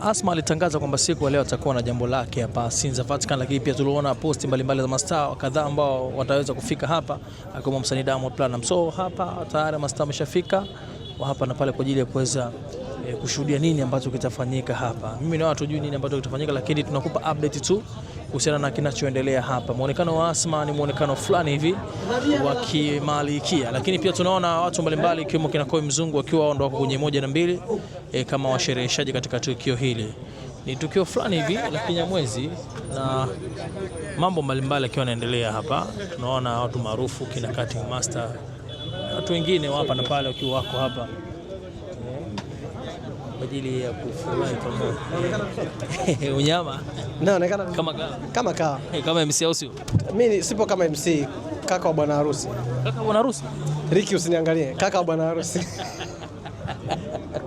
Asma alitangaza kwamba siku leo atakuwa na jambo lake hapa Sinza Vatican, lakini pia tuliona posti mbalimbali za mastaa kadhaa ambao wataweza kufika hapa akiwemo msanii Diamond Platnumz. So hapa tayari mastaa ameshafika hapa na pale kwa ajili ya kuweza eh, kushuhudia nini ambacho kitafanyika hapa. Mimi na watu nini ambacho kitafanyika, lakini tunakupa update tu kuhusiana na kinachoendelea hapa. Muonekano wa Asma ni muonekano fulani hivi wa kimalikia, lakini pia tunaona watu mbalimbali ikiwemo kinakoi mzungu wakiwa ndo wako kwenye moja na mbili e, kama washereheshaji katika tukio hili. Ni tukio fulani hivi la Kinyamwezi na mambo mbalimbali yakiwa yanaendelea hapa. Tunaona watu maarufu kina Cutting Master, watu wengine hapa na pale wakiwa wako hapa eh, kwa ajili ya kufurahi kama eh, unyama naonekana kama kama eh, kama kaa kama MC au sio? Mimi sipo kama MC, kaka wa bwana harusi. Kaka wa bwana harusi Riki, usiniangalie kaka wa bwana harusi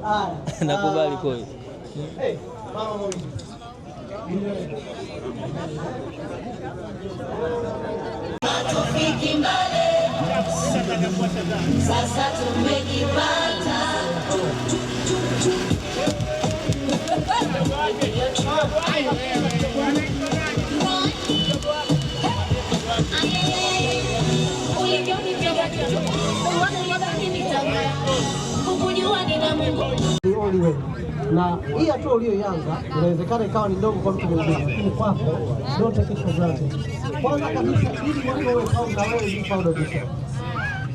Ah. nakubali kweli. Sasa tumefika ni Na hii hatua uliyoianza inawezekana ikawa ni ndogo kwa mtu mwingine, lakini kwako ndio take for Kwanza kabisa, ili wewe uwe na wewe ni proud of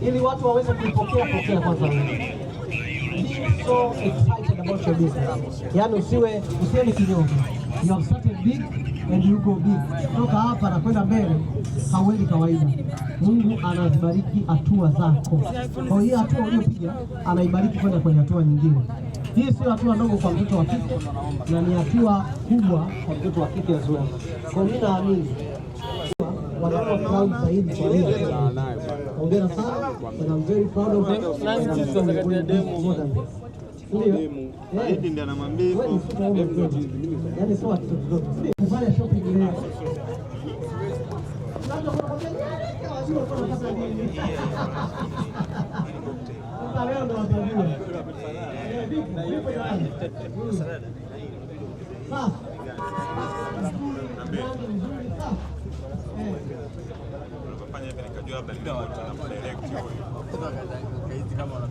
ili watu waweze kuipokea pokea kwanza wewe so excited about your business, yani usiwe usiwe ni kinyonge, you have started big yaani yuko big hapa na kwenda mbele, hauendi kawaida. Mungu anazibariki hatua zako. Kwa hiyo hatua uliyopiga anaibariki kwenda kwenye hatua nyingine. Hii sio hatua ndogo kwa mtoto wa kike, na ni hatua kubwa kwa mtoto wa kike as Kwa mimi naamini zaidi sana, and I'm very proud of them elimu zaidi, ndiye anamwambia hivyo. Yani sio watoto wadogo kufanya shopping leo kama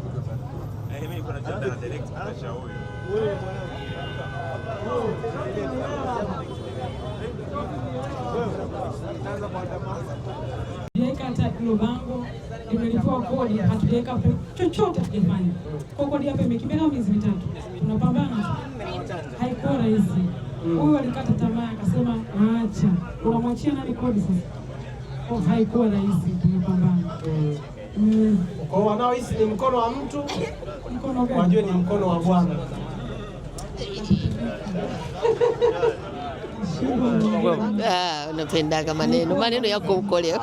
hata kilobango imelipoa kodi, hatujaweka chochote, hatujafanya kwa kodi hapo. Imekimbia miezi mitatu, tunapambana, haikuwa rahisi. Huyu alikata tamaa, akasema acha, unamwachia nani kodi sasa? Oh, haikuwa rahisi, tumepambana. Mm. Kwa wanaohisi ni mkono wa mtu wajue ni mkono wa Bwana. Ah, Unapendaga maneno maneno yako ukolea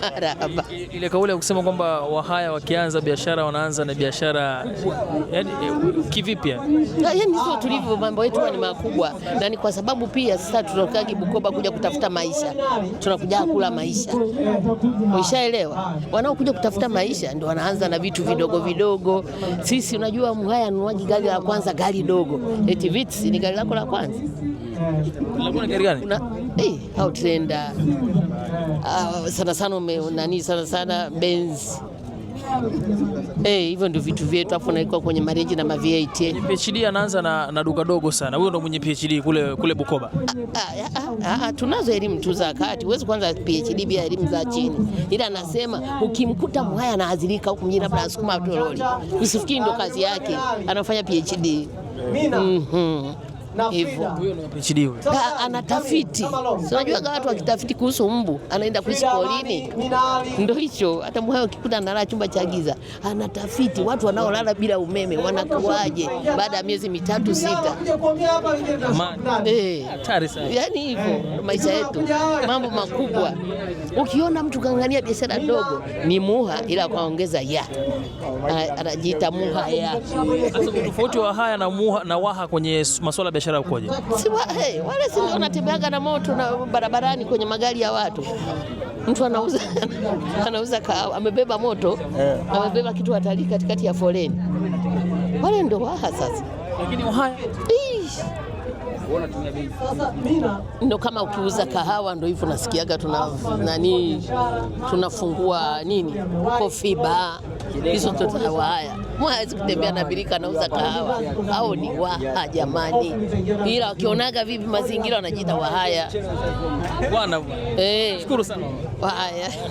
marahaba. Ile kauli ya kusema kwamba Wahaya wakianza biashara wanaanza na biashara yani, eh, kivipi? Ah, yani sio tulivyo, mambo yetu ni makubwa, na ni kwa sababu pia sasa tunakagi Bukoba kuja kutafuta maisha, tunakuja kula maisha, ushaelewa. Wanaokuja kutafuta maisha ndio wanaanza na vitu vidogo vidogo. Sisi unajua Mhaya anunuaji gari la kwanza, gari dogo, eti vits ni gari lako la kwanza kuna hey, eh, Outlander ah, sana sana nani sana sana Benz eh, hivyo ndio vitu vyetu hapo, naikuwa kwenye marenji na maviet. PhD anaanza na, na duka dogo sana. Huyo ndo mwenye PhD kule, kule Bukoba. Ah, ah, tunazo elimu tu za kati, uwezi kuanza PhD bila elimu za chini, ila anasema ukimkuta mwaya anaadhirika huko mjini, labda asukuma toroli, usifikiri ndo kazi yake, anafanya PhD. mm hivyo anatafiti. Unajuaga watu wakitafiti kuhusu mbu anaenda kuishi polini, ndo hicho. Hata mwao kikuta analala chumba cha giza, anatafiti watu wanaolala bila umeme wanakuaje baada ya miezi mitatu sita. Hey, yani eh. yaani hivyo eh. maisha yetu, mambo makubwa. Ukiona mtu kangania biashara ndogo ni muha, ila kaongeza ya anajiita muha ya tofauti wa haya na muha na waha kwenye masuala ya biashara biashara ukoje? Si wa, hey, wale si ndio wanatembeaga na moto na barabarani kwenye magari ya watu. Mtu anauza anauza kahawa, amebeba moto yeah. Amebeba kitu hatari katikati ya foleni, wale ndio waha sasa. Lakini waha ndo kama ukiuza kahawa ndo hivyo, nasikiaga tuna nani tunafungua nini kofiba hizo ndo haya hawezi kutembea na birika nauza kahawa au ni waha jamani, ila wakionaga vipi mazingira wanajiita wahaya bwana. Eh, shukuru sana wahaya.